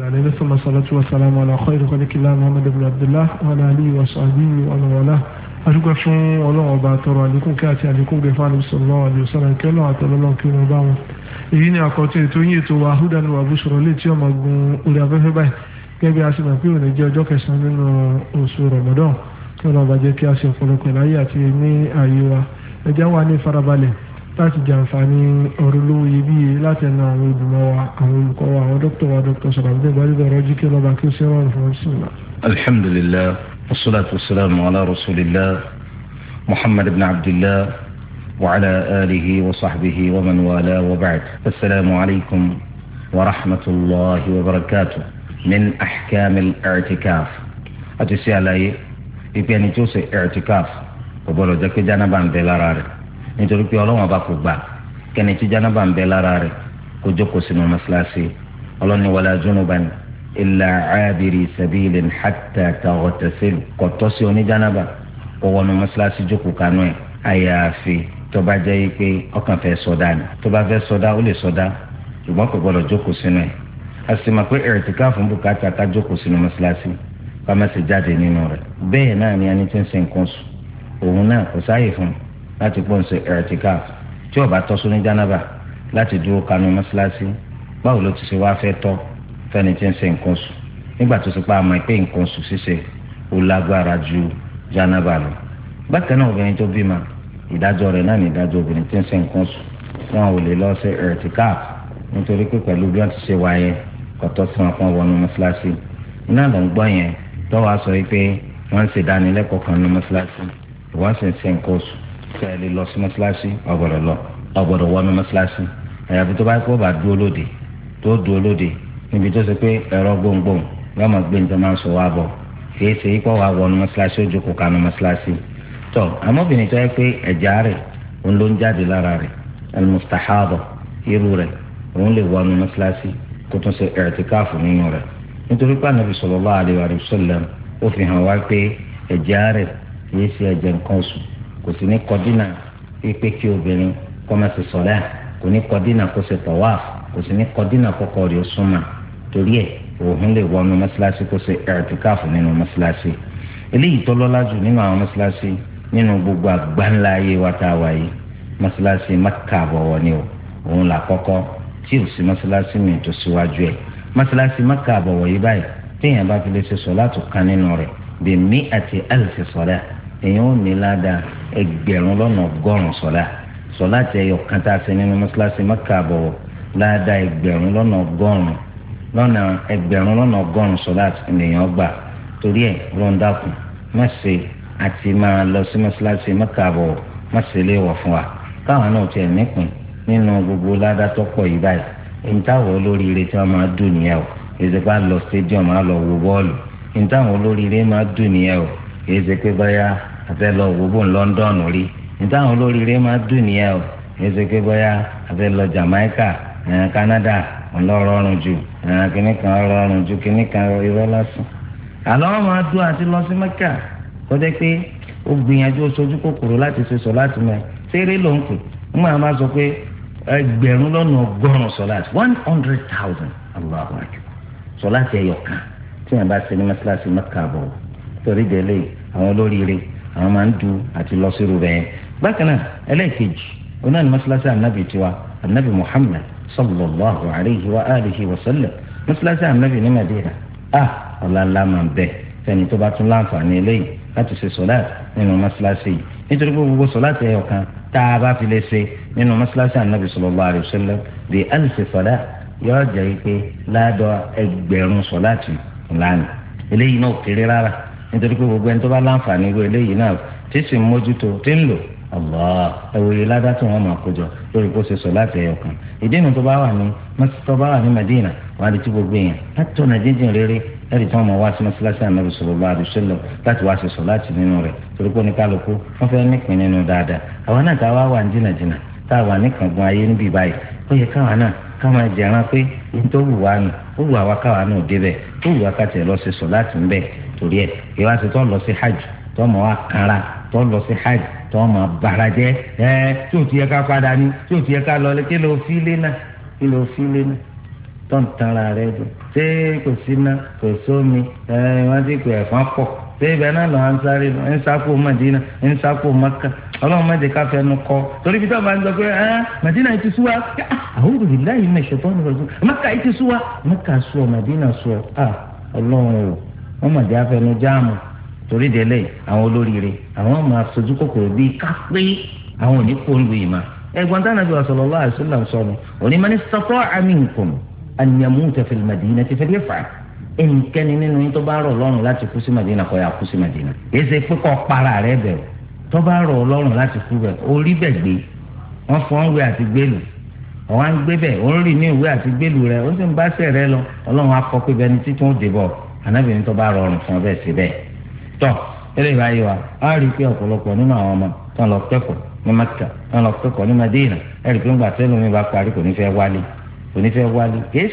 العليه ثم الصلاة والسلام على خير خلق الله محمد بن عبد الله وعلى آله وصحبه ومن والاه adúgbò fún ọlọ́run ọba àtọrọ àlékún kí àti àlékún gbẹ̀fà ní sọ̀rọ̀ àdìọ́sára kí ọlọ́run àtọlọ́lọ́run kí wọ́n bá wọn. èyí ni àkọ́tún ètò yín ètò wa húdà ní wàbú sọ̀rọ̀ lè tí ọmọ gun orí afẹ́fẹ́ báyìí gẹ́gẹ́ bí a ṣe mọ̀ pé òní jẹ́ ọjọ́ kẹsàn-án nínú oṣù rọ̀mọ́dọ́n kí ọlọ́run bá jẹ́ kí a ṣe ọ̀pọ̀lọpọ̀ láyé àti ní ààyè wa ẹ̀jẹ̀ wà ní ìfarabalẹ̀ láti jàǹfààní ọ̀rọ̀ lówó iyebíye láti ẹnu àwọn olùmọ̀ wa àwọn olùkọ́ wa àwọn dókítà wa dókítà sọ̀rọ̀mùdé gbadébọ̀ ọ̀rọ̀ jí kí ọlọ́ba kí ó ṣe wà fún ọ́n sùn. alhamdulilah wasalaatu wasalaamu ala rasulillah muhammad ibn abdillah wa ala alihi wa sahbihi wa man wala wa baad asalaamu alaykum wa rahmatulahi wa barakatu min axkaam al-i'tikaf àti sí àlàyé ìpè ẹni tó ṣe kò gbọdọ̀ jẹ́ pé jánábà ń bẹ nítorí pé ọlọ́wọ́n bá kò gbà kẹ́ni tí jánábà ń bẹ lára rẹ̀ kó jókòó sínú mọ́ṣáláṣí ọlọ́ni wala junuban illa abiri sabilin hatta taghtasilu kọ̀tọ́ sí oníjánábà kó wọnú mọ́ṣáláṣí jókòó kanú ẹ̀ àyàfi tó bá jẹ́ pé ọkàn fẹ́ sọdá ni tó bá fẹ́ sọdá ó lè sọdá ṣùgbọ́n kò gbọ́dọ̀ jókòó sínú ẹ̀ a sì mọ̀ pé ìrètíkà fún bùkátà ká jókòó sínú mọ́ṣáláṣí ká má sì jáde nínú rẹ̀ bẹ́ẹ̀ náà ni ẹni tí ń ṣe nǹkan sùn òun náà kò sáàyè fún un láti pọ̀ ń ṣe ẹ̀rẹ̀tìkà tí ó bá tọ́ sóní jánábà láti dúró kanu mọ́ṣáláṣí báwo ló ti ṣe wá fẹ́ tọ́ fẹ́ni tí ń ṣe nǹkan sùn nígbà tó ti pa àmọ́ pé nǹkan sùn ṣíṣe ó lágbára ju jánábà lọ. bákan náà obìnrin tó bímọ ìdájọ́ rẹ̀ náà ní ìdájọ́ obìnrin tí ń ṣe nǹkan sùn wọn ò lè lọ ṣe ẹ̀rẹ̀tìkà nítorí pé pẹ̀lú bí wọ́n ti ṣe wáyé kọ̀tọ́ sí wọn fún wọnú mọ́ṣáláṣí iná ló ń gbọ́ yẹn tọ́wọ́ aṣọ yìí wọ́n ń ṣèdánilẹ́kọ̀ọ́ kan ní mọ́ṣáláṣí ìwọ́n sì ń ṣe nǹkan oṣù kẹ́ ẹ lè lọ sí mọ́ṣáláṣí ọ̀gbọ̀dọ̀ lọ ọ̀gbọ̀dọ̀ wọnú mọ́ṣáláṣí àyàfi tó bá kó bá dúró lóde tó dúró lóde níbi tó ṣe pé ẹ̀rọ gbóngbóng yóò máa gbé nítorí máa ń sọ wá bọ̀ kìí ṣe ikọ̀ wá wọnú mọ́ṣáláṣí ó jókòó kanú mọ́ṣáláṣí tó àmọ́bìnrin tó yẹ pé ẹ̀já rẹ̀ òun ló ń jáde lára rẹ̀ ẹlmùsítàhábọ̀ irú rẹ̀ òun lè wọnú mọ́ṣáláṣí kó tún ṣe ẹ̀rẹ̀tìkáàfù nínú rẹ̀ nítorí pé ànábì sallallahu alaihi wa sallam ó fi hàn wá pé ẹ̀já rẹ̀ kìí ṣe ẹ̀jẹ̀ nǹkan oṣù kò sì ní kọdínà pípé kí obìnrin kọ́ máa ṣe sọ̀rọ̀ kò ní kọdínà kó ṣe tọ̀wá kò sì ní kọdínà kọ́kọ́ rẹ̀ súnmọ́ torí ẹ̀ òun lè wọnú mọ́ṣáláṣí kó ṣe ẹ̀ẹ́dìkáàfù nínú mọ́ṣáláṣí eléyìí tó lọ́lá jù nínú àwọn mọ́ṣáláṣí nínú gbogbo àgbáńlá ayé wa tá a wà yìí mọ́ṣáláṣí Mẹ́kà àbọ̀wọ̀ ni o òun là kọ́kọ́ tí ò sí mọ́ṣáláṣí mi tó síwájú ẹ̀ mọ́ṣáláṣí Mẹ́kà àbọ̀wọ̀ yìí báyìí téèyàn bá fi lè ṣe sọ̀lá tó kan nínú rẹ̀ bèmí àti àlùfẹ́ sọ̀rẹ́ èèyàn ẹgbẹ̀rún lọ́nà ọgọ́rùn-ún sọ́lá sọ́lá tí ẹyọ kan tá a ṣe nínú mọ́ṣáláṣí mẹ́kà àbọ̀wọ̀ láàdá ẹgbẹ̀rún lọ́nà ọgọ́rùn-ún lọ́nà ẹgbẹ̀rún lọ́nà ọgọ́rùn-ún sọ́lá ènìyàn gbà torí ẹ̀ rọ́ńdàkùn má ṣe àti máa lọ sí mọ́ṣáláṣí mẹ́kà àbọ̀wọ̀ má ṣe lè wọ̀ fún wa káwọn náà tiẹ̀ nípìn nínú gbogbo ládàá tó pọ̀ yìí báyìí èyí táwọn olóríire tí wọ́n máa dùn nìyẹn o èyí lọ stadium á lọ wo bọ́ọ̀lù èyí táwọn olóríire máa dùn nìyẹn o èyí báyà àfẹ́ lọ wò London rí níta àwọn olóríire máa dùn nìyẹn o èsì pé bóyá àfẹ́ lọ Jamaica Canada ńlọrọrùn jù kínní kan rọrùn jù kínní kan irọ́ lásán. àlọ́ máa dùn àti lọ sí Mẹ́kà kọjá pé ó gbìyànjú oṣooju kòkòrò láti ṣe sọ láti mọ ṣeré ló ń pè ń máa máa sọ pé ẹgbẹ̀rún lọ́nà ọgọ́rùn-ún sọ láti one hundred thousand Allahu akbar sọ láti ẹyọ kan tí yẹn bá ṣe ní Mẹ́kà bọ̀ torí délé àwọn olóríire àwọn máa ń du àti lọ sí rúbẹ yẹn bákan náà ẹlẹ́ẹ̀kejì onáà ní mọ́ṣáláṣí ànábì tiwa ànábì Muhammad sallallahu alayhi wa alihi wa sallam mọ́ṣáláṣí ànábì ní Madina ah ọ̀làlá máa bẹ̀ fẹ́ni tó bá tún láǹfààní eléyìí láti ṣe sọ́láàt nínú mọ́ṣáláṣí yìí nítorí pé gbogbo sọ́láàt ẹ̀yọ̀ kan tá a bá fi lè ṣe nínú mọ́ṣáláṣí ànábì sallallahu alayhi wa sallam bí alìsè sọ́láàt nítorí pé gbogbo ẹni tó bá láǹfààní irú eléyìí náà tí sì ń mójútó tí ń lò allah ẹwòye ládá tí wọn máa kójọ lórí kó ṣe sọ láti ẹyọ kan ìdí nu tó bá wà ní tó bá wà ní madina wọn á di tí gbogbo èèyàn láti ọ̀nà jíjìn rere ẹ̀rì tí wọn máa wá sí mọ́sálásí ànábì sallallahu alaihi wasallam láti wá ṣe sọ láti nínú rẹ̀ torí pé oníkálukú wọn fẹ́ nípìn nínú dáadáa àwọn náà tá wà ní jìnnàjìnnà tá a wà ní kàngun ayé níbí báyìí ó yẹ káwọn náà káwọn jẹran pé ní tó wù wá nù ó wù àwa káwọn náà débẹ̀ ó wù wá kàtẹ́ lọ ṣe sọ láti ń bẹ́ẹ̀ torí ẹ̀ kí wá sí tó lọ sí hajj tó mọ̀ wá kára tó lọ sí hajj tó mọ̀ bàrà jẹ́ ẹ tí ò ti yẹ ká padà ní tí ò ti yẹ ká lọ lé kí ló fi lé náà kí ló fi lé náà tó ń tanra rẹ dùn ṣé kò sí náà kò sómi ẹ wọ́n ti pè ẹ̀fọn pọ̀ bẹ́ẹ̀ náà lọ́wọ́ ń sáré lọ ń sáko madina ń sáko maka ọlọ́run má ká fẹnu kọ torí bí táwọn bá ń sọ pé ẹ́ ti sú wa àwòrán ìlà yìí mẹ̀ṣẹ̀ tó ń rọ̀ maka yìí ti sú wa ah, maka sú ọ madina sú ọ ah, ọlọ́run o wọ́n mọ̀ jẹ́ afẹnu jáàmù torí délé àwọn olóríire àwọn máa sojú kòkòrò bíi ká pé àwọn ò ní kó lu ìmọ̀ ẹ̀gbọ́n dáná bí sallallahu alaihi wasallam sọnù òní man istata'a minkum an yamuta fil madinati falyaf'al ẹnikẹ́ni nínú yín tó bá rọ̀ lọ́rùn láti kú sí madina kó yá kú sí madina èsè pé kọ́ para rẹ bẹ̀ o tó bá rọ̀ lọ́rùn láti kú bẹ̀ orí bẹ̀ gbé wọ́n fọ́n wé àti gbélu ọ̀wá gbé bẹ̀ òun ní ìwé àti gbélu rẹ̀ ó sì ń bá sẹ̀ rẹ lọ ọlọ́run akọ pé bẹni títún ó dé bọ̀ anábìyẹn ní tó bá rọrùn fún ọ bẹ́ẹ̀ sí bẹ́ẹ̀ tọ́ eléyìí bá yé wa á rí i pé ọ̀pọ̀lọpọ̀ nínú àwọn ọmọ tó ń lọ kẹ́kọ̀ọ́ ní Mẹ́kà tó ń lọ kẹ́kọ̀ọ́ ní Madina ẹ̀rí pé ńgbà tó lómi bá parí kò ní fẹ́ wálé kò ní fẹ́ wálé kìí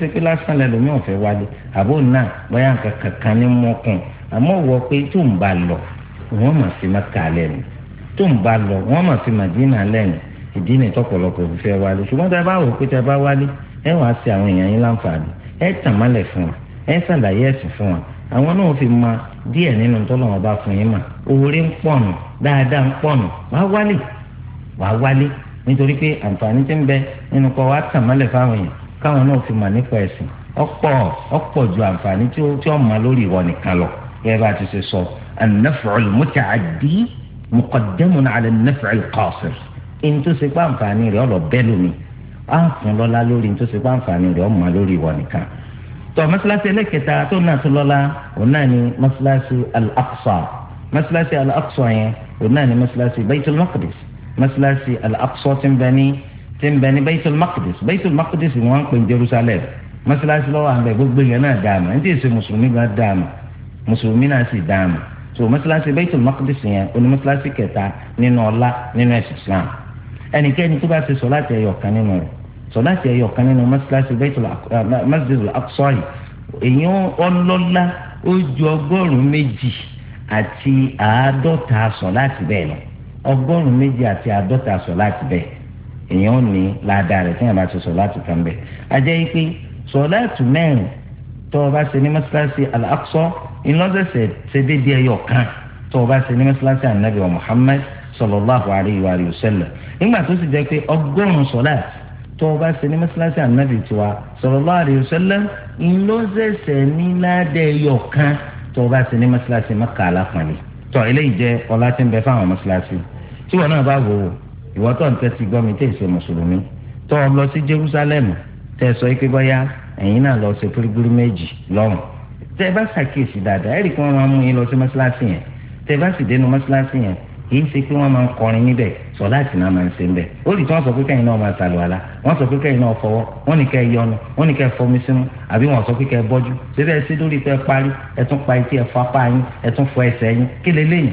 ṣe pé lásán lẹ lómi ò fẹ́ wálé àbó náà bóyá nǹkan kankan ní mọ́kùn àmọ́ wọ pé tó ń bá lọ wọ́n mà sí Mẹ́kà lẹ́nu tó ń bá lọ wọ́n mà sí Madina lẹ́nu ìdí ni tọ́pọ̀lọpọ̀ fi fẹ́ wálé ṣùgbọ́n tá a bá wò pé tá a bá wálé ẹ wàá ṣe àwọn èèyàn yín ẹ ṣàlàyé ẹ̀sìn fún wa àwọn náà fi ma díẹ̀ nínú tọ́lọ́wọ́n bá fún yín mà oore ń pọ̀nù dáadáa ń pọ̀nù wá wálé wá wálé nítorí pé àǹfààní ti ń bẹ nínú kọ́ wa tàmálẹ̀ fáwọn èèyàn káwọn náà fi mà nípa ẹ̀sìn ọ̀pọ̀ ọ̀pọ̀ ju àǹfààní tí ó ma lórí ìwọ nìkan lọ gẹ́gẹ́ bá a ti ṣe sọ an-naf'ul muta'addi muqaddamun 'ala an-naf'il qasir ẹni tó ṣe pé àǹfààní lómi á fún lórí ẹni tó ṣe pé àǹfààní rẹ̀ ọ̀ tọ́ mọ́sálásí ẹlẹ́kẹta tó náà tó lọ́la òun náà ni mọ́sálásí al-aqsa mọ́sálásí al-aqsa yẹn òun náà ni mọ́sálásí baitul maqdis mọ́sálásí al-aqsa ti ń bẹ ní ti ń bẹ ní baitul maqdis baitul maqdis ni wọ́n ń pè ní jerusalem mọ́sálásí lọ́wọ́ àgbẹ̀ gbogbo yẹn náà dáàmà ní tí èsì mùsùlùmí gan dáàmà mùsùlùmí náà sì dáàmà so mọ́sálásí baitul maqdis yẹn oní mọ́sálásí kẹta nínú ọlá nínú ẹ̀sìn islam ẹnikẹ́ni tó bá ti sọ láti ẹ̀yọ̀ kan nínú rẹ̀ sọláàtì ẹyọ kan nínú mọ́sálásí eh, Masjidul Aqsa yìí èyí ọlọ́lá ó ju ọgọ́rùn-ún méjì àti àádọ́ta sọláàtì bẹ́ẹ̀ lọ ọgọ́rùn-ún méjì àti àádọ́ta sọláàtì bẹ́ẹ̀ èyí ó ní ládàá rẹ̀ tí yàrá bá ti sọláàtì kan bẹ́ẹ̀ ajẹ́ yìí pé sọláàtì mẹ́rin tó o bá ṣe ní mọ́sálásí Al-Aqsa ìlọ́sẹ̀sẹ̀ ṣe déédéé ẹyọ kan tó o bá ṣe ní mọ́sálásí Ànábì Muhammad sallallahu alayhi wa sallam nígbà tó sì jẹ́ pé ọgọ́rùn-ún sọláàtì tó o bá ṣe ní mọ́sálásí ànábì tiwa sallallahu alaihi wasallam ńlọ́sẹ̀sẹ̀ ní ládẹ́ ẹyọ kan tó o bá ṣe ní mọ́sálásí mọ́kà alápọ̀nlé tó eléyìí jẹ́ ọlá tí ń bẹ fáwọn mọ́sálásí tí wọn náà bá wò ó ìwọ tó ń tẹ́tí gbọ́ mi tẹ̀sí mùsùlùmí tó o lọ sí Jerusalem tẹ̀ sọ pé bọ́yá ẹ̀yin náà lọ ṣe pírígírí méjì lọ́rùn tẹ́ bá ṣàkíyèsí kì í ṣe pé wọ́n máa ń kọrin níbẹ̀ sọ láti náà máa ń ṣe níbẹ̀ ó lè tí wọ́n sọ pé kẹ́yìn náà máa tàlù àlá wọ́n sọ pé kẹ́yìn náà fọwọ́ wọ́n ní kẹ́ yọnu wọ́n ní kẹ́ fọmi sínú àbí wọ́n sọ pé kẹ́ bọ́jú síbẹ̀ sí lórí pé parí ẹ tún pa etí ẹ fọ apá yín ẹ tún fọ ẹsẹ̀ yín kí leléyìn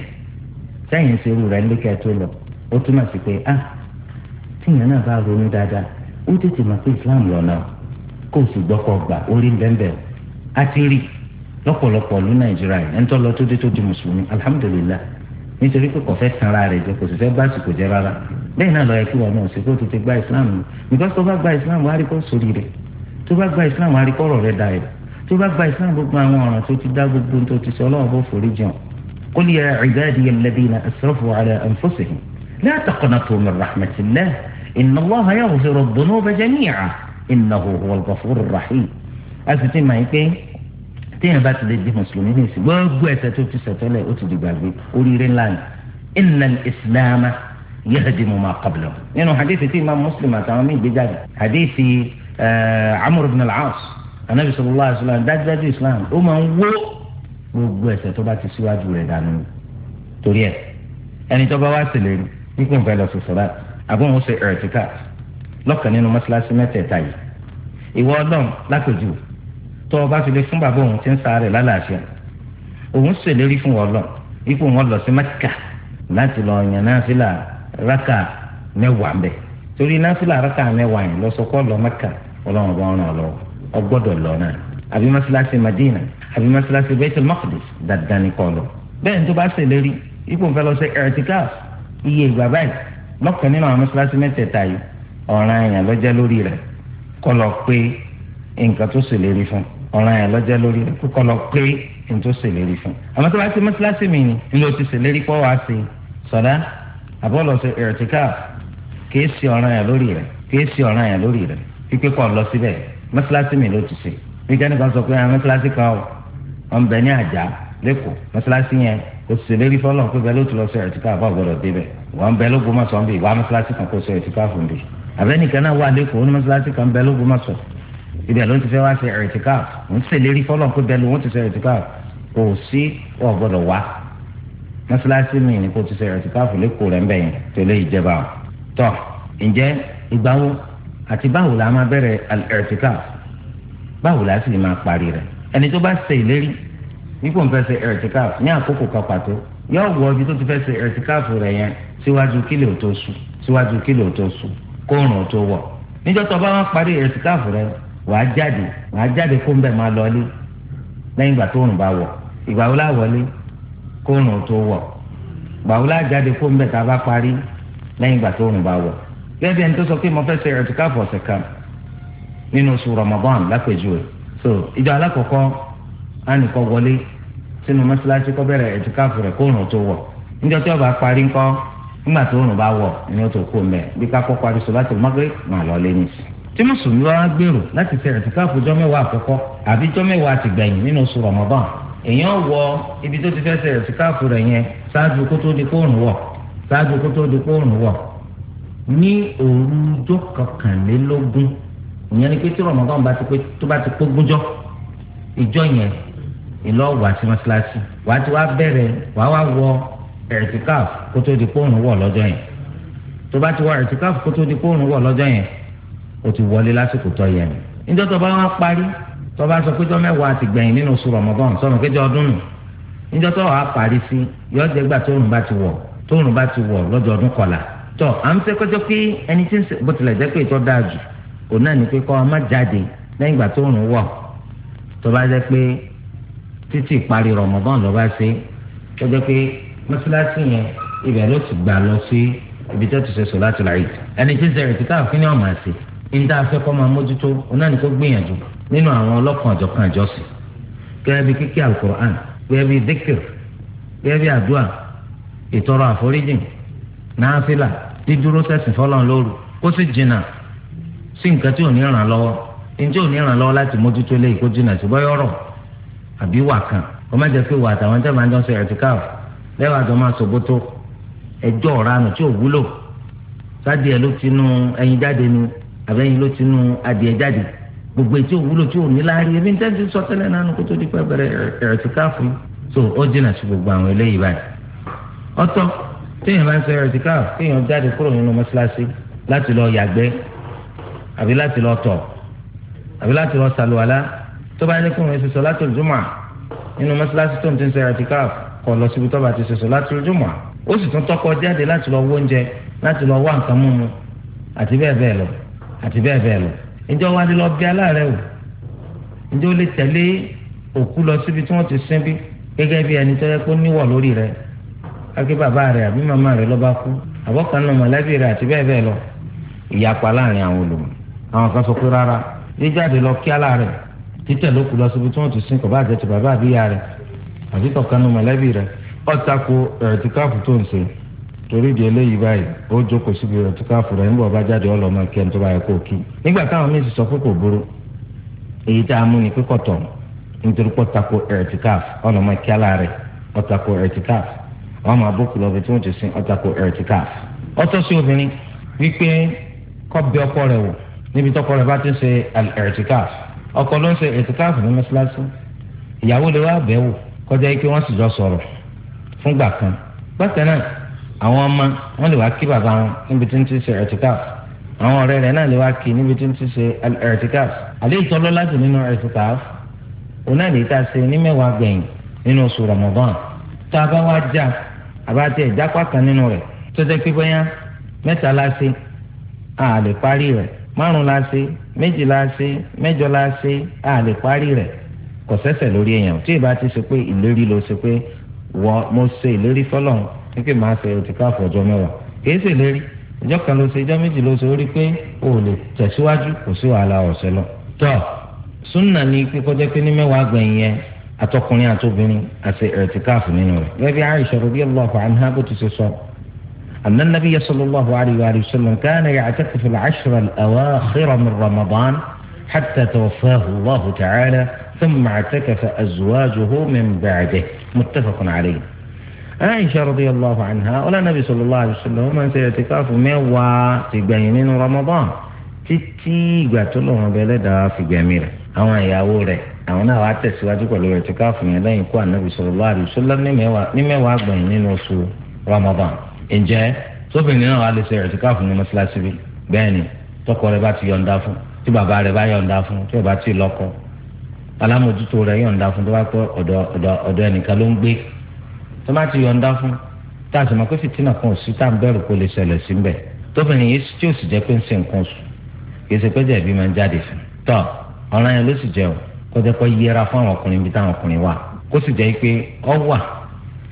sẹ́yìn ṣe irú rẹ̀ ní kẹ́ tó lọ ó túmọ̀ sí pé ah tíyẹn náà bá ronú dáadáa ó tètè mọ̀ pé Islam lọ́nà kó o sì gbọ́kọ̀ gbà orí bẹ́ẹ̀ á ti rí lọ́pọ̀lọpọ̀ ìlú Nàìjíríà alhamdulillah nítorí pé kò fẹ́ tanra rẹ̀ jẹ kò sì fẹ́ bá àsìkò jẹ rárá bẹ́ẹ̀ náà lọ yẹ kí wọn náà ṣe kó tètè gba ìsìláàmù nìkan tó bá gba ìsìláàmù wá rí kó sórí rẹ̀ tó bá gba ìsìláàmù wá rí kó ọ̀rọ̀ rẹ̀ dà rẹ̀ tó bá gba ìsìláàmù gbogbo àwọn ọ̀ràn tó ti dá gbogbo tó ti sọ ọlọ́wọ́ bó forí jẹun qul ya ibadiya alladhina asrafu téèyàn bá ti lè di mùsùlùmí ní ìsìn gbogbo ẹ̀ṣẹ̀ tó ti ṣẹ̀tẹ́lẹ̀ ó ti di gbàgbé oríire ńlá ni innal islama yahdimu ma qablahu nínú hadithi tí imam muslim àtàwọn míì gbé jáde hadithi eh, amr ibn al-aas anabi sallallahu alayhi wa sallam dájúdájú islam ó máa ń wó gbogbo ẹ̀ṣẹ̀ tó bá ti síwájú rẹ̀ dànù torí ẹ̀ ẹni tó bá wá sílẹ̀ nípò nǹkan lọ sí sọ̀rọ̀ àbúrò ó ṣe ẹ̀rẹ̀tìkà lọ́kàn nínú mọ́ṣáláṣí mẹ́tẹ̀ẹ̀ta yìí ìwọ ọlọ́run lápèjúwe tó o bá fi lè fún bàbá òun ti ń sa rẹ̀ lálàáfíà òun ṣèlérí fún wọn lọ ipò wọn lọ sí mẹ́kà láti lọ yàn náfìlà rákà mẹ́wàá mbẹ torí náfìlà rákà mẹ́wàá yẹn lọ́sọ̀kọ́ lọ mẹ́kà ọlọ́run bá ràn lọ ọgbọ́dọ̀ lọ náà àbí mọ́sálásí madina àbí mọ́sálásí baitul maqdis dandan ni kọ́ lọ bẹ́ẹ̀ ni tó bá ṣèlérí ipò ń fẹ́ lọ sí ẹ̀rẹ́tìkáf iye ìgbà báyìí lọ́kàn nínú àwọn mọ́sálásí ọ̀ràn yẹn lọ́jọ́ lórí rẹ̀ kókó lọ pé ní tó ṣèlérí fún àmọ́ tó bá ti mọ́tíláṣí mi ni ní o ti ṣèlérí pọ́ wá sí sọ̀dá àbọ̀lọ̀ sí ẹ̀rọ̀tíkà kìí ṣe ọ̀ràn yẹn lórí rẹ̀ kìí ṣe ọ̀ràn yẹn lórí rẹ̀ wípé kọ́ lọ síbẹ̀ mọ́tíláṣí mi ló ti ṣe wíjẹ́ nìkan sọ pé àwọn ah, mọ́tíláṣí kan ọ̀ ń bẹ ní àjà lẹ́kọ̀ọ́ mọ́tíláṣí yẹn o ti ṣèlérí fọlọ́ pé bẹ́ẹ̀ ló ti lọ sí ẹ̀rọ̀tíkà àbọ̀ gbọ́dọ̀ débẹ̀ wọ́n bẹ́ẹ̀ ló gbọ́mọ̀sán bíi wọ́n mọ́tíláṣí kan kó sí ẹ̀rọ̀tíkà fún bíi àbẹ́nìkan náà wà lẹ́kọ̀ọ́ ní mọ́tíláṣí kan bẹ́ẹ̀ ló ibẹ̀ ló ń ti fẹ́ wá ṣe ẹ̀rẹ̀tìkáf ń ṣèlérí fọlọ́n pé bẹ́ẹ̀ ló ń ti ṣe ẹ̀rẹ̀tìkáf kò sí ọ̀ gbọ́dọ̀ wá mọ́ṣáláṣí mi ni kò ti ṣe ẹ̀rẹ̀tìkáf lẹ́kọ̀ọ́ rẹ̀ ń bẹ̀ yẹn tó lè jẹba o tọ́ ǹjẹ́ ìgbà wo àti báwo la máa bẹ̀rẹ̀ ẹ̀rẹ̀tìkáf báwo la sì máa parí rẹ̀ ẹni tó bá ṣe ìlérí wípé òun fẹ́ ṣe ẹ̀rẹ̀tìkáf ní àkókò kan pàtó yóò wọ ibi tó ti fẹ́ ṣe ẹ̀rẹ̀tìkáf rẹ̀ yẹn síwájú kílẹ̀ ò tó sùn síwájú kílẹ̀ ò tó sùn kóòrùn ò tó wọ̀ níjọ́ tó bá wọn parí ẹ̀rẹ̀tìkáf rẹ̀ wàá jáde wàá jáde kó ń bẹ̀ máa lọlé lẹ́yìn ìgbà tó rùn bá wọ̀ ìgbà wo la wọlé kó rùn tó wọ̀ ìgbà wo la jáde kó ń bẹ̀ tá bá parí lẹ́yìn ìgbà tó rùn bá wọ̀ gẹ́gẹ́ bí tó sọ pé mo fẹ́ ṣe ẹ̀tùkáfọ̀ ọ̀sẹ̀ kan nínú oṣù Ramadan lápèjúwe so ìjọ alákọ̀ọ́kọ́ á nìkan wọlé sínú mọ́ṣáláṣí kọ́ bẹ̀rẹ̀ ẹ̀tùkáfù rẹ̀ kó òrùn tó wọ̀ níjọ́ tí ó bá parí ńkọ́ nígbà tí òrùn bá wọ̀ ni tó kó mẹ́ bí ká kọ́ parí sọ láti Maghrib máa lọ lé nìsí tí mùsùlùmí wa gbèrò láti ṣe ẹ̀tìkáàfù jọ́ mẹ́wàá àkọ́kọ́ àbí jọ́ mẹ́wàá ti gbẹ̀yìn nínú oṣù Ramadan èèyàn wọ ibi tó ti fẹ́ ṣe ẹ̀tìkáàfù rẹ̀ yẹn ṣáájú kó tó di kóòrùn wọ̀ ṣáájú kó tó di kóòrùn wọ̀ ní òru ọjọ́ kọkànlélógún ìyẹn ni pé tí Ramadan bá ti pé tó bá ti pógúnjọ́ ìjọ yẹn ìlọ wà sí mọ́ṣáláṣí wà á ti wá bẹ̀rẹ̀ wà á wá wọ ẹ̀tìkáàfù kó tó di o ti wọlé lásìkò tó yẹ ni níjọ́ tó bá wọn parí tó bá sọ péjọ mẹ́wàá ti gbẹ̀yìn nínú oṣù Ramadan sọnù péjọ ọdún nù níjọ́ tó wàá parí sí yọ jẹ gbà tóòrùn bá ti wọ̀ tóòrùn bá ti wọ̀ lọ́jọ́ ọdún kọlà tó à ń fẹ́ kọjọ pé ẹni tí ń sè bó tilẹ̀ jẹ́ pé ìtọ́ dáa jù òun náà ni pé kọ́ ọmọ jáde lẹ́yìn ìgbà tóòrùn wọ̀ tó bá jẹ́ pé títí ìparí Ramadan lọ bá ṣe tó jẹ́ pé mọ́ṣáláṣí yẹn ibẹ̀ ló ti gbà lọ sí ibi tó ti ṣe sọ láti láyé ẹni tí ń sẹ̀rẹ̀ títà òfin ni ọ̀ máa ṣe níta afẹ́ kọ́ máa mójútó onáni kó gbìyànjú nínú àwọn ọlọ́kàn àjọkan àjọsìn gẹ́gẹ́ bí kíkí alukur'an gẹ́gẹ́ bí dikir gẹ́gẹ́ bí ìtọrọ àforíjìn náàfìlà dídúró sẹ́sìn fọlọ́n lóru kó sì jìnnà sí nǹkan tí ò ní ràn lọ́wọ́ njẹ́ ò ní ràn lọ́wọ́ láti mójútó lé ìkó jìnnà sí àbí wà kan kó má jẹ́ pé wà àtàwọn máa àbẹ́yìn ló ti nu adìẹ jáde gbogbo etí òwúlò tí ò ní láàárín ebi níta ti sọ tẹ́lẹ̀ náà kó tó di pẹ́ bẹ̀rẹ̀ ẹ̀rẹ̀tìkáàfù so ó jìnnà sí gbogbo àwọn eléyìí báyìí ọ̀tọ̀ téèyàn bá ń sọ ẹ̀rẹ̀tìkáàfù téèyàn jáde kúrò nínú mọ́ṣáláṣí láti lọ yàgbẹ́ àbí láti lọ tọ̀ àbí láti lọ sàlùwàlá tó bá ní kóhun ẹ̀sìn sọ láti jùmọ̀ nínú mọ́ṣáláṣí tó ń ti ń sọ ẹ̀rẹ̀tìkáàfù kọ̀ lọ síbi tó àti bẹ́ẹ̀ bẹ́ẹ̀ lọ ǹjẹ́ wàá di lọ bí aláàárẹ̀ o ǹjẹ́ o lè tẹ̀lé òkú lọ síbi tí wọ́n ti sin bí gẹ́gẹ́ bí ẹni tó yẹ kó níwọ̀ lórí rẹ̀ kákí bàbá rẹ̀ àbí màmá rẹ̀ ló bá kú àbọ̀kanná mọ̀lẹ́bí rẹ̀ àti bẹ́ẹ̀ bẹ́ẹ̀ lọ ìyapa láàrin àwọn olùmọ̀ àwọn kan sọ pé rárá jíjáde lọ kí aláàárẹ̀ títẹ̀ lókù lọ síbi tí wọ́n ti sin kò bá jẹ́ ti bàbá àbíyá rẹ̀ àbí tọ̀kanná mọ̀lẹ́bí rẹ̀ ọ̀tako ẹ̀ẹ́dìkáàfù tó ń ṣe torí di eléyìí báyìí ó jókòó síbi rẹ̀ tó káfùrọ̀ ẹ̀ ń bọ̀ bá jáde ọlọ́mọ kí ẹni tó sọ pé kò burú èyí tá a mú ni pípọ̀ tọ̀ nítorí tako ẹ̀rẹ̀tìkáf ọlọmọ kí ala rẹ̀ ọ̀tako ọmọ abókù lọ́bi tí ti sin ọ̀tako wípé kọ́ bí ọkọ rẹ wò níbi tọkọ ọkọ ló ń ṣe àwọn ọmọ wọn lè wá kí bàbá wọn níbi tí ń ti ṣe ẹ̀tíkáf àwọn ọ̀rẹ́ rẹ̀ náà lè wá kí níbi tí ń ti ṣe ẹ̀tíkáf àlẹ́ ìtọ́lọ́ láti nínú ẹ̀tíkáf òun náà lè ta ṣe ní mẹ́wàá gbẹ̀yìn nínú oṣù Ramadan tá a bá wá já àbátẹ ìjápá kan nínú rẹ̀ tó jẹ́ pé bóyá mẹ́ta la ṣe a lè parí rẹ̀ márùn la ṣe méjì la ṣe mẹ́jọ la ṣe a lè parí rẹ̀ kò sẹ́sẹ̀ lórí èèyàn tí ì bá ti ṣe pé wípé màá ṣe ìtìkáàfù ọjọ́ mẹ́wàá kì í ṣe lérí ìjọ kan ló ṣe ìjọ méjì ló ṣe ó rí pé o lè tẹ̀síwájú kò sí wàhálà ọ̀sẹ̀ lọ. tọ́ súnà ni pé kọjá pé ní mẹ́wàá gbẹ̀yìn yẹn atọkùnrin àtobìnrin àti ìtìkáàfù nínú rẹ̀. gẹ́gẹ́ bí Aisha radiyallahu anha bó ti ṣe sọ أن النبي صلى الله عليه وآله وسلم كان يعتكف العشر الأواخر من رمضان حتى توفاه الله تعالى ثم اعتكف أزواجه من بعده متفق عليه aisha radiyallahu anha ọlànàbì sallallahu alaihi wasallam wọ́n máa ń ṣe ẹ̀tìkáfù mẹ́wàá ti gbẹ̀yìn nínú ramadan títí ìgbà tó lọ́wọ́ ọbẹ̀ ẹlẹ́dàá fi gbẹ̀mí rẹ̀ àwọn ìyàwó rẹ̀ àwọn náà wàá tẹ̀síwájú pẹ̀lú ẹ̀tìkáfù yẹn lẹ́yìn kó ànàbì sallallahu alaihi wasallam ní mẹ́wàá gbẹ̀yìn nínú oṣù ramadan ǹjẹ́ sóbìnrin náà wàá lè ṣe ẹ̀tìkáfù ní mọ́ṣáláṣí bí bẹ́ẹ̀ ni tọkọ rẹ̀ bá ti yọ̀ǹda fún tí bàbá rẹ̀ bá yọ̀ǹda fún tí ò tó má ti yọ̀ǹda fún tá a sì mọ̀ pé fìtínà kan ò sí tá à ń bẹ̀rù kó lè ṣẹlẹ̀ sí mbẹ̀ tóbìnrin yìí tí ò sì jẹ́ pé ń ṣe nǹkan oṣù kì í ṣe pé jẹ̀bi máa ń jáde fún tọ́ ọ̀ràn yẹn ló sì jẹ́ o kó jẹ́ pé yẹra fún àwọn ọkùnrin bí táwọn ọkùnrin wà kó sì jẹ́ pé ọ wà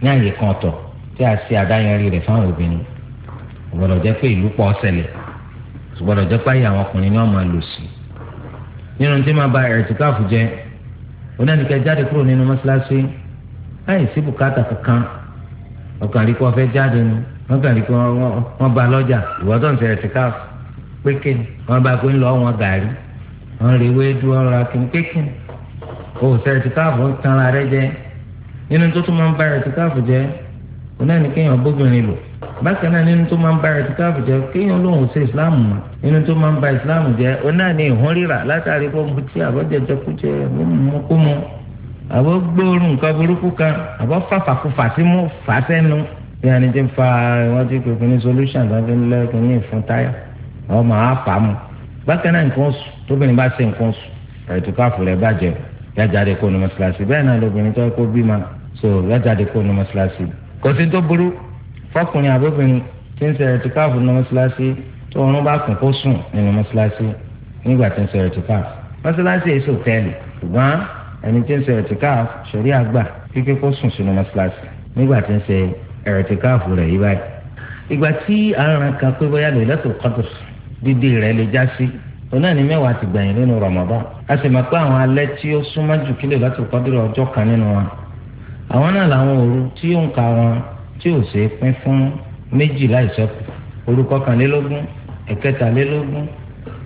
ní àyè kan ọ̀tọ̀ tí a ṣe àdáyanrí rẹ̀ fáwọn obìnrin gbọ́dọ̀ jẹ́ pé ìlú pọ̀ ṣẹlẹ̀ gbọ́dọ̀ jẹ́ pé àyè àwọn ọkùnrin ni wọ́n máa lò sí nínú tí máa ba ẹ̀rẹ̀tìkáàfù jẹ́ onáníkẹ́ jáde kúrò nínú mọ́ṣáláṣí láì sí bùkátà kankan ọkàn rí kí wọ́n fẹ́ jáde nu wọ́n kàn rí kí wọ́n ba lọ́jà ìwọ́dọ̀ ń sẹ̀rẹ̀ sí ká pékè wọ́n bá pé ń lọ wọn gàrí wọ́n rí wéédú wọ́n ra kí n pékè o sẹ̀rẹ̀ sí káàfù ń tan ara rẹ jẹ nínú tó tún máa ń bá ẹ̀rẹ̀ sí káàfù jẹ òun náà ní kéèyàn bóbìnrin lò bákan náà nínú tó máa ń ba ẹ̀tìkáàfù jẹ́ kéèyàn lòun ṣe ìsìláàmù mọ́ nínú tó máa ń ba ìsìláàmù jẹ́ òun náà ní ìhun látàrí kó mutí àbọ̀jẹ̀jẹ̀ kú jẹ́ mímú kú mu àbọ̀ gbóòórùn nǹkan burúkú kan àbọ̀ fàfàkùfà tí mo fà sẹ́nu bí ẹni tí ń fa wọn ti pè fún ní solution tó ń fi lẹ́kùn ní ìfún táyà àwọn máa fà á mu bákan náà nǹkan oṣù tóbìnrin bá ṣe nǹkan oṣù ẹ̀ẹ́dùkọ́ àfọlẹ́ bàjẹ́ yájáde kó nu mọ́ṣáláṣí bẹ́ẹ̀ náà lóbìnrin tó kó bímọ so yájáde kó nu mọ́ṣáláṣí kò sí tó burú fọkùnrin àbóbìnrin tí ń ṣe ẹ̀ẹ́dùkọ́ nu mọ́ṣáláṣí tó ọrùn bá kún kó sùn nínú mọ́ṣáláṣí nígbà tí ń ṣe ẹ̀ẹ́dùkọ́ mọ́ṣáláṣí èso tẹ́lẹ̀ ṣùgbọ́n ẹni tí ń ṣe ẹ̀tìkáàfù ṣẹ̀rí àgbà kíkẹ́ kó sùn sínú mọ́ṣáláṣí nígbà tí ń ṣe ẹ̀tìkáàfù rẹ̀ yí báyìí. ìgbà tí aràn kan pé bóyá Lailatul Qadr dídì rẹ̀ lè já sí onáà ní mẹ́wàá ti gbẹ̀yìn nínú Ramadan a sì máa pé àwọn alẹ́ tí ó súnmọ́ jù kí Lailatul Qadr ọjọ́ kan nínú wọn àwọn náà làwọn òru tí ó ń ka wọn tí ò ṣeé pín fún méjì láìsẹ́kù òru kọkànlélógún ẹ̀kẹtàlélógún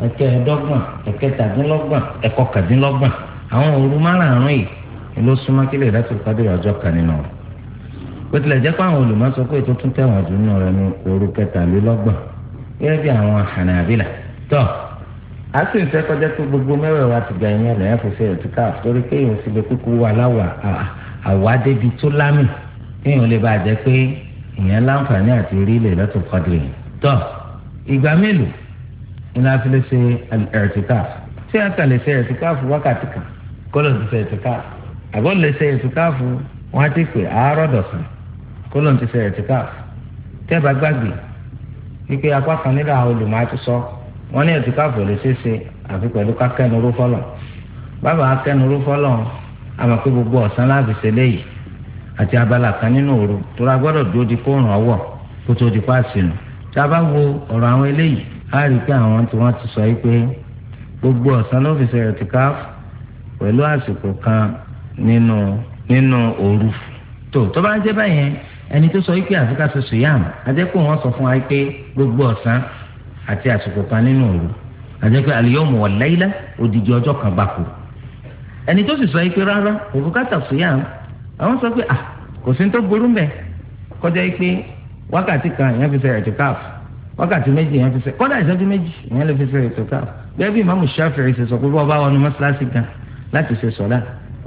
ẹ̀kẹẹ̀ẹ́dọ́gbọ̀n ẹ̀kẹtàdínlọ́gbọ̀n ẹ̀kọkàdínlọ́gbọ̀n àwọn òru márààrún yìí ló súnmọ́ kílẹ̀ láti pàdé ọjọ́ kan nínú rẹ̀ bó tilẹ̀ jẹ́ pé àwọn olùmọ̀ sọ pé ètò tún tẹ̀wọ̀n jù nínú rẹ̀ ní òru kẹtàlélọ́gbọ̀n gẹ́gẹ́ bí àwọn Hanabila tọ́ a sì ń fẹ́ kọjá pé gbogbo mẹ́wẹ̀ẹ́wà ti gba ẹ̀yìn ẹ̀lẹ́yìn fòfin ẹ̀túká torí pé èèyàn sì lè kúkú wà láwà àwádébi tó lámì kéèyàn lè bàa jẹ́ pé ìyẹn láǹfààní àti rí ilẹ̀ lọ́tọ̀ kọ́dé yìí. tọ́ ìgbà mélòó ni a fi lè ṣe ẹ̀túká ṣé a kà lè ṣe ẹ̀túká fún wákàtí kan kọ́lọ̀ ti sọ ìtìkáàfù àgọ́ lè sọ ìtìkáàfù wọn á ti pè àárọ̀ dọ̀sán kọ́lọ̀ ti sọ ìtìkáàfù tẹ́ẹ̀bà gbàgbé wípé apá kan nílò àwọn olùmọ̀ àti sọ wọn ní ìtìkáàfù lè ṣeéṣe àfi pẹ̀lú kákẹ́nuró fọlọ̀ bàbá akẹ́nuró fọlọ̀ àmọ́ pé gbogbo ọ̀sán láàbì ṣẹlẹ̀ yìí àti abala kan nínú òru tó la gbọ́dọ̀ dúró di kóòrùn ọwọ́ kó tó di pàṣẹnu tí a bá wo ọ̀rọ̀ àwọn eléyìí á rí i pé àwọn tí wọ́n ti sọ yìí pé gbogbo ọ̀sán ló fi ṣe ìtìkáàfù pẹ̀lú àsìkò kan nínú nínú òru tó tó bá ń jẹ́ báyẹn ẹni tó sọ wípé àfikà ṣe sùyàmù àjẹpọ̀ wọn sọ fún wa pé gbogbo ọ̀sán àti àsìkò kan nínú òru àjẹpẹ́ àlìyọ́mù ọ̀lẹ́yìnlá òdìjì ọjọ́ kan gbàkú ẹni tó sì sọ wípé rárá òfúkàtà sùyàmù àwọn sọ pé ah kò sí ní tó burú mbẹ kọjá wípé wákàtí kan ìyẹn fi ṣe ẹ̀tùkáàfù wákàtí méjì ìyẹn fi ṣe kọ́dà ìṣẹ́jú méjì ìyẹn lè fi ṣe ẹ̀tùkáàfù gẹ́gẹ́ bí ìmáàmù Ṣáfi'í sọ pé bọ́ọ̀ bá wọnú mọ́ṣáláṣí gan-an láti ṣe sọlá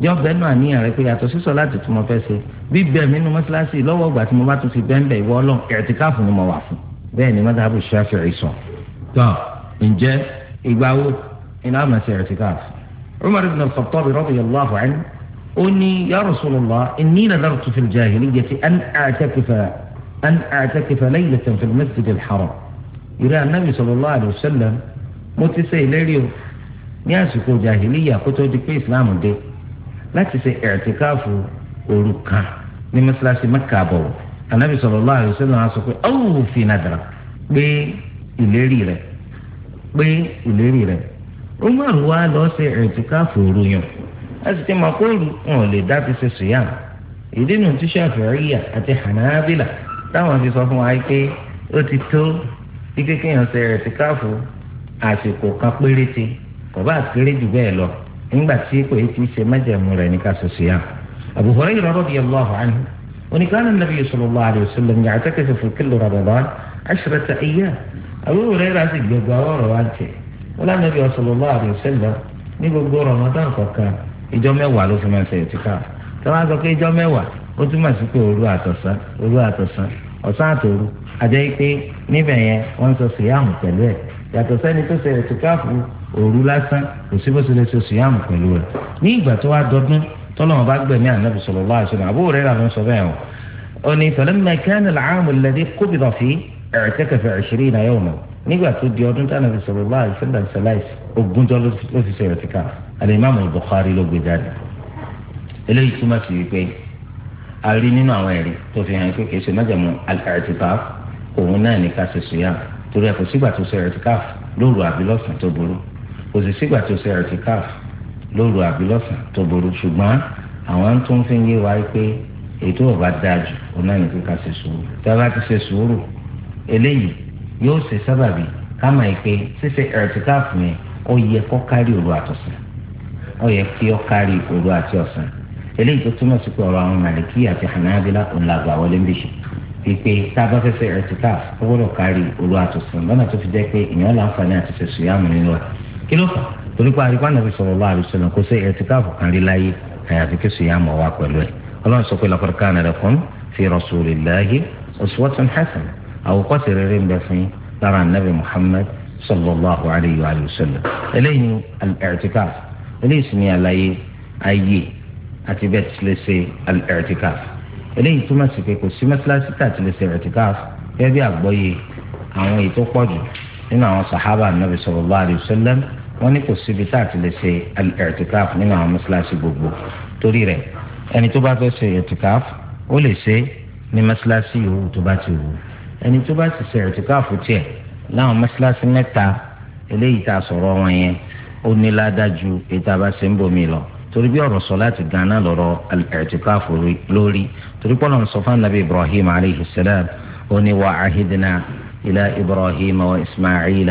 jẹ́ ọbẹ̀ náà níyàn rẹ pé yàtọ̀ sí sọlá tí mo fẹ́ ṣe bíbẹ̀ mi nu mọ́ṣáláṣí lọ́wọ́ ìgbà tí mo bá tún fi bẹ́ńbẹ̀ ìwọ ọlọ́run ẹ̀ẹ́dìkáàfù ni mo wà fún bẹ́ẹ̀ ni mọ́tàbù ṣáfìrì sọ. tọ́ ǹjẹ́ ìgbà wo iná àmọ̀ sí ẹ̀ẹ́dìkáàfù. Umar ibn al-Khattab radiyallahu anhu ó ní ya Rasulullah inni nadartu fil jahiliyyati an a'takifa an a'takifa laylatan fil masjid al-haram. ìrẹ́ ní àsìkò jàhìlíyà kó tó di pé islam dé láti ṣe ẹ̀ẹ́tìkáàfù òru kan ní mọ́ṣáláṣí mẹ́kà àbọ̀wọ̀ anabi sallallahu alaihi wasallam á sọ pé ọ̀hún fi nàdàrà pé ìlérí rẹ̀ pé ìlérí rẹ̀ umar wa lọ ṣe ẹ̀ẹ́tìkáàfù òru yàn láti ṣe máa kó òru wọn ò lè dá fi ṣe sùyàn ìdí nu tí Ṣafi'iyya àti Hanabila táwọn fi sọ fún wa pé ó ti tó bí ṣe ẹ̀ẹ́tìkáàfù àsìkò kan péréte bàbá àkéré jù bẹ́ẹ̀ lọ nígbà tí kò yẹ ti ṣe májẹ̀mú rẹ̀ ní kásòsì yá Abu Hurairah radiyallahu anhu oníkanà nàbí sallallahu alayhi wa sallam ya'takifu fi kulli Ramadan ashrata ayyam Abu Hurairah sì gbẹgbẹ ọ̀rọ̀ wa jẹ wọn lànà bí sallallahu alayhi wa sallam ní gbogbo Ramadan kọ̀ọ̀kan ìjọ mẹ́wàá ló fi máa ṣe ìtìká tọ́wọ́n á sọ pé ìjọ mẹ́wàá ó túmọ̀ sí pé òru àtọ̀sán òru àtọ̀sán ọ̀sán àtòru àjẹ́ pé níbẹ̀ yẹn wọ́n sọ síyàmù pẹ̀lú ẹ̀ yàtọ̀ sẹ́ni tó ṣe ìtìká fún òru lásán kò sí bó ṣe lè ṣe síyàmù pẹ̀lú rẹ̀ ní ìgbà tó wá dọdún tọ́lọ́mọ bá gbẹ̀mí ànábì sallallahu alaihi wasallam àbúrò rẹ̀ làwọn sọ bẹ́ẹ̀ o ó ní falamma kana al-'amu alladhi qubida fihi i'takafa 'ishrina yawman nígbà tó di ọdún tí ànábì sallallahu alaihi wasallam sẹláìsì ogúnjọ́ ló fi ṣe ẹ̀tẹ̀kà al-Imam al-Bukhari ló gbé jáde eléyìí túmọ̀ sí wípé a rí náà ní ká kò sì sígbà tó ṣe ẹ̀tìkáf lóru àbí lọ́sàn tó burú ṣùgbọ́n àwọn tó ń fi yé wa pé ètò ọba dáa jù ọ̀nà nìkan ká ṣe sùúrù tá a bá ti ṣe sùúrù eléyìí yóò ṣe sábàbí ká mọ̀ pé ṣíṣe ẹ̀tìkáf mi ó yẹ kó kárí òru àtọ̀sán ó yẹ kí ó kárí òru àti ọ̀sán eléyìí tó túmọ̀ sí pé ọ̀rọ̀ àwọn màlìkí àti hànàbílà òun wọlé ń bìṣẹ́ pípé tá a bá fẹ́ ṣe ẹ̀tìkáf ó gbọ́dọ̀ kárí òru àtọ̀sán lọ́nà tó fi jẹ́ pé ìyẹn láǹfààní àti ṣe sùúyàmù kí ló fà torí pé àríkọ́ ànàbì sallallahu alaihi wasallam kò sí ẹ̀tìkáàfù kan rí láyé àyàfi kí sùn yà mọ̀ wá pẹ̀lú ẹ̀ ọlọ́run sọ pé laqad kana lakum fi rasulillahi uswatun hasana àwòkọ́ṣe rere ń bẹ fún yín lára ànàbì Muhammad sallallahu alayhi wa sallam eléyìí ni al-i'tikaf eléyìí sì ni àlàyé ayé àti bẹ́ẹ̀ ti lè nínú àwọn sahaba anabi sallallahu alayhi wa sallam wọn ní kò síbi tá a ti lè ṣe al-i'tikaf nínú àwọn mọ́ṣáláṣí gbogbo torí rẹ̀ ẹni tó bá fẹ́ ṣe i'tikaf ó lè ṣe ní mọ́ṣáláṣí yòówù tó bá ti wù ẹni tó bá ti ṣe i'tikaf tiẹ̀ láwọn mọ́ṣáláṣí mẹ́ta eléyìí tá a sọ̀rọ̀ wọn yẹn ó ní ládájú ètò àbáṣe ń bomi lọ torí bí ọ̀rọ̀ sọ láti gánà lọ́rọ̀ al-i'tikaf lórí torí pọ́nà ń sọ fún anabi Ibrahim alayhi salam ó ní wà áhídínà إلى إبراهيم وإسماعيل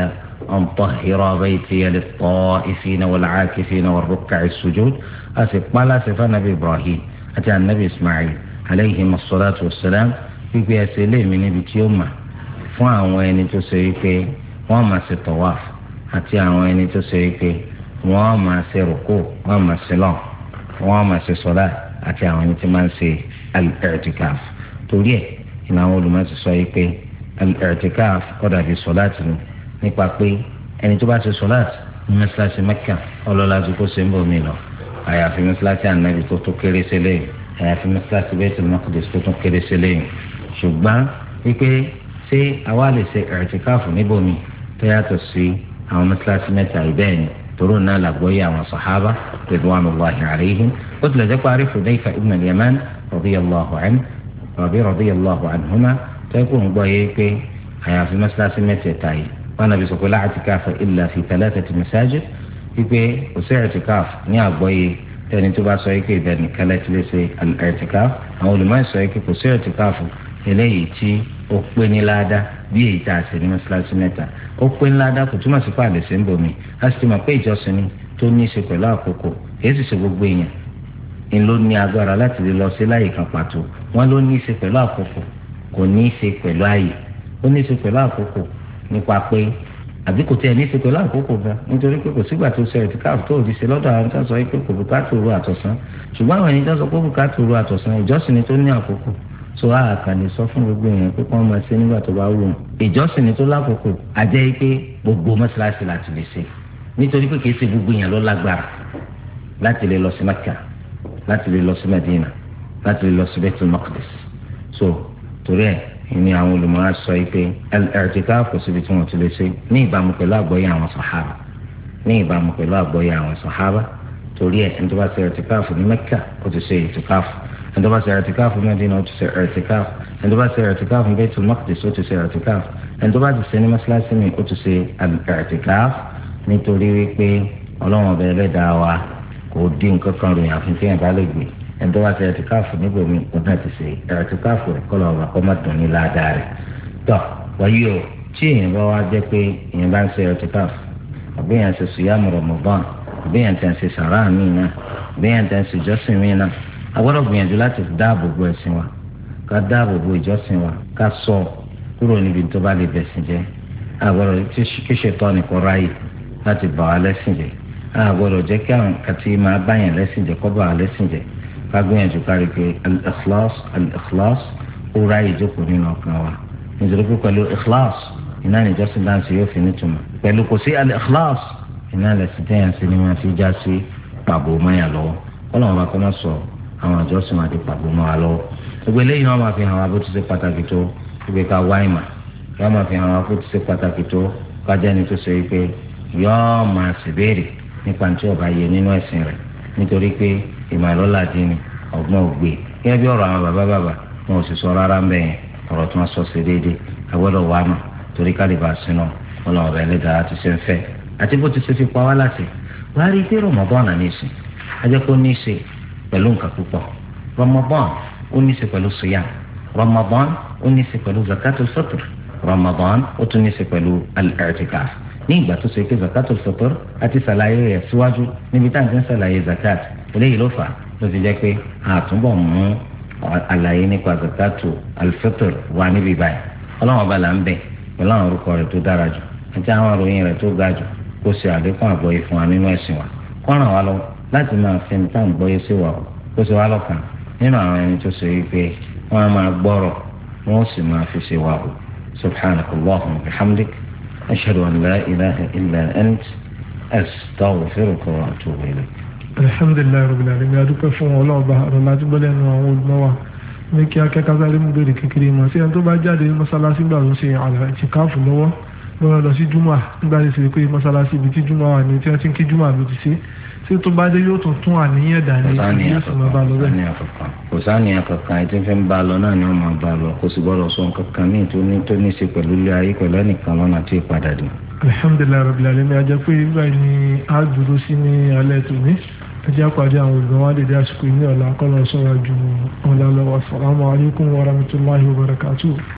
أن طهر بيتي للطائفين والعاكفين والركع السجود أسف ما لا سفى نبي إبراهيم أتى النبي إسماعيل عليهما الصلاة والسلام في أسئلة من بيت يوم فأنا وين تسيكي وما ستواف أتى وين تسيكي وما سيركو وما سلام وما سيصلاة أتى وين تمانسي الاعتكاف توليه إن أول ما سيصيكي al-i'tikaf kọ́dà bíi sọ́láàtì ni nípa pé ẹni tó bá ṣe sọ́láàtì ní mẹ́sàlásì mẹ́kà ọlọ́lá ju kó ṣe ń bọ̀ mí lọ àyàfi mẹ́sàlásì ànábì tó tó kéré sí lẹ́yìn àyàfi mẹ́sàlásì Baitul Maqdis tó tó kéré sí lẹ́yìn ṣùgbọ́n wípé ṣé àwa lè ṣe i'tikaf níbòmí tó yàtọ̀ sí àwọn mẹ́sàlásì mẹ́ta ìbẹ́ẹ̀ni toro náà làgbọ́yé àwọn sàhábà ridwanullahi alayhim ó tẹ́kù ń gbọ́ yé pé àyàfi mọ́sálásí mẹ́tẹ̀ẹ̀ta yìí wọn nàbí sọ pé láti káfà ìlà fi tẹ́lẹ̀tẹ̀ ti mẹ́sáájú wípé kò sí ẹ̀tìkáf ní àgbọ́yé tẹ́ni tó bá sọ yìí pé ìbẹ̀ni kẹlẹ́ ti lè ṣe ẹ̀tìkáf àwọn olùmọ̀ọ́ sọ yìí pé kò sí ẹ̀tìkáf eléyìí tí ó pé ní láadá bí èyí tá a ṣe ní mọ́sálásí mẹ́ta ó pé ní láadá kò túmọ̀ sí pàdé sí ń bomi a sì ti mọ̀ pé ìjọsìn tó ní í ṣe pẹ̀lú àkókò èyí sì ṣe gbogbo èèyàn ń ló ní agbára láti lè lọ sí láyè pàtó wọn ló ní í ṣe pẹ̀lú àkókò kò ní í ṣe pẹ̀lú ààyè ó ní í ṣe pẹ̀lú àkókò nípa pé àbí kò tiẹ̀ ní í ṣe pẹ̀lú àkókò gan nítorí pé kò sígbà tó ṣe ẹ̀tìkáf tó òdì ṣe lọ́dọ̀ àwọn tó pé kò bùkátà òru àtọ̀sán ṣùgbọ́n àwọn ẹni pé bùkátà òru àtọ̀sán ìjọsìn ni tó ní àkókò tó àkànlè sọ fún gbogbo èèyàn pé kí wọ́n máa ṣe nígbà tó bá wù wọ́n ìjọsìn ni tó lákòókò àjẹ́ pé gbogbo mọ́ṣáláṣí láti lè ṣe nítorí pé kìí ṣe gbogbo èèyàn ló lágbára láti lè lọ sí Mẹ́kà láti lè lọ sí Mẹ́dínà láti lè lọ sí Bẹ́tùl so torí ẹ̀ ni àwọn olùmọ̀ọ́ sọ pé ẹ̀ẹ́dẹ́káàfù síbi tí wọ́n ti lè ṣe ní ìbámu pẹ̀lú àgbọ́yé àwọn sàhábà ní ìbámu pẹ̀lú àgbọ́yé àwọn sàhábà torí ẹ̀ ẹni tó bá ṣe ẹ̀ẹ́dẹ́káàfù ní mẹ́kà ó ti ṣe ẹ̀ẹ́dẹ́káàfù ẹni tó bá ṣe ẹ̀ẹ́dẹ́káàfù mẹ́dínà ó ti ṣe ẹ̀ẹ́dẹ́káàfù ẹni tó bá ṣe ẹ̀ẹ́dẹ́káàfù Baitul Maqdis ẹ̀ńtọ́ wá ṣe ẹ̀tìkáàfù níbòmí òun náà ti ṣe ẹ̀tìkáàfù rẹ̀ kọ́ lọ́wọ́ kọ́ má dùn ní ládàá rẹ̀ tọ́ wáyé o tí èèyàn bá wá jẹ́ pé èèyàn bá ń ṣe ẹ̀tìkáàfù àbíyàn ṣe sùyàmù Ramadan àbíyàn tẹ̀ ń ṣe sàrà mí náà àbíyàn tẹ̀ ń ṣe ìjọsìn mí náà a gbọ́dọ̀ gbìyànjú láti dáàbò bo ẹ̀sìn wa ká dáàbò bo ìjọsìn wa ká sọ kúrò níbi tó bá lè bẹ̀sìn jẹ́ a gbọ́dọ̀ kí nìkan ráyè láti lẹ́sìn jẹ́ a gbọ́dọ̀ jẹ́ kí kágbìyànjú kárí pé al-ikhlas al-ikhlas ó ráyè jókòó nínú ọkàn wa nítorí pé pẹ̀lú ikhlas iná níjọ́sìn dáǹsì yóò fi nítumọ̀ pẹ̀lú kò sí al-ikhlas iná lẹ́sìn tẹ́yàn sí ni wọ́n fi já sí pàbó mọ́yà lọ́wọ́ ọlọ́run bá kọ́ máa sọ àwọn àjọsìn máa di pàbó mọ́ wa lọ́wọ́ gbogbo eléyìí náà máa fi hàn wá bó ti ṣe pàtàkì tó gbogbo ká wá ìmọ̀ yóò máa fi hàn wá bó ti ṣe pàtàkì tó kájẹ́ni tó ṣe é pé máa ṣèbéèrè nípa tí ọba yẹ nínú ẹ̀sìn rẹ̀ nítorí pé ìmọ̀lọ́lá dín ní ọgbọ́n ògbé gẹ́gẹ́ bí ọ̀rọ̀ àwọn bàbá bàbá wọn ò sì sọ rárá ń bẹ̀ yẹn ọ̀rọ̀ tí wọ́n sọ sí déédéé agbọ́dọ̀ wà mà torí kálíbà sínú wọn làwọn ọ̀bẹ ẹlẹ́dàá ti ṣe ń fẹ́ àti bó ti ṣe fi pa wá láti wàá rí pé rọmọbọ́n náà ní ìsìn ajẹ́kọ́ ní í ṣe pẹ̀lú nǹkan púpọ̀ rọmọbọ́n ó ní pẹ̀lú al-i'tikaf ní ìgbà tó ṣe pé zakatul fitr àti ṣàlàyé rẹ̀ síwájú níbi tá à ń fi ń ṣàlàyé zakat eléyìí ló fà ló ti jẹ́ pé àtúbọ̀ mú àlàyé nípa zakatul alfitr wà níbi báyìí ọlọ́wọ́n bá là ń bẹ̀ pẹ̀lú àwọn orúkọ rẹ̀ tó dára jù àti àwọn ìròyìn rẹ̀ tó ga jù kó ṣe àlékún àgbọ́yé fún wa nínú ẹ̀sìn wa kọ́ràn wa lọ láti máa fi ní táwọn gbọ́yé sí wa kó ṣe wa lọ́kàn nínú àwọn ẹni tó ṣe wípé wọ́n á máa gbọ́rọ̀ wọ́n sì máa fi ṣe wa o subhanakallahumma wa bihamdik أشهد أن لا إله إلا أنت أستغفرك وأتوب إليك الحمد لله رب العالمين أدوك فون الله بحر الله تبالي أنه أقول نوا ní kí akẹ́kọ̀ọ́ sáré mú bèrè kékeré mọ̀ sí ẹni tó bá jáde mọ́sálásí mo lọ sí júmọ̀ nígbà tí sèré pé mọ́sálásí ibi tí júmọ̀ wà ní tí wọ́n ti ń kí júmọ̀ àbí ti ṣe ṣé tó bá dé yóò tún tún àníyàn dání yóò sì máa bá lọ bẹ́ẹ̀. kò sáàníyàn kankan ètò ìfẹ́ ń bá lọ náà ni wọ́n máa bá lọ kò sì gbọ́dọ̀ sọ nǹkan kan míì tó ní tó ṣe pẹ̀lú ilé ayé pẹ̀lú ẹnìkan lọ́nà tí ì padà dé. alihamudulilayi rabil alamin ajá pé ibà ni a dúró sí ní alẹ́ tòní ajá pàdé àwọn olùgbọ́n wa lè dé àsìkò ní ọ̀la kọ́lọ́ sọ̀rọ̀ ju ọ̀la lọ́wọ́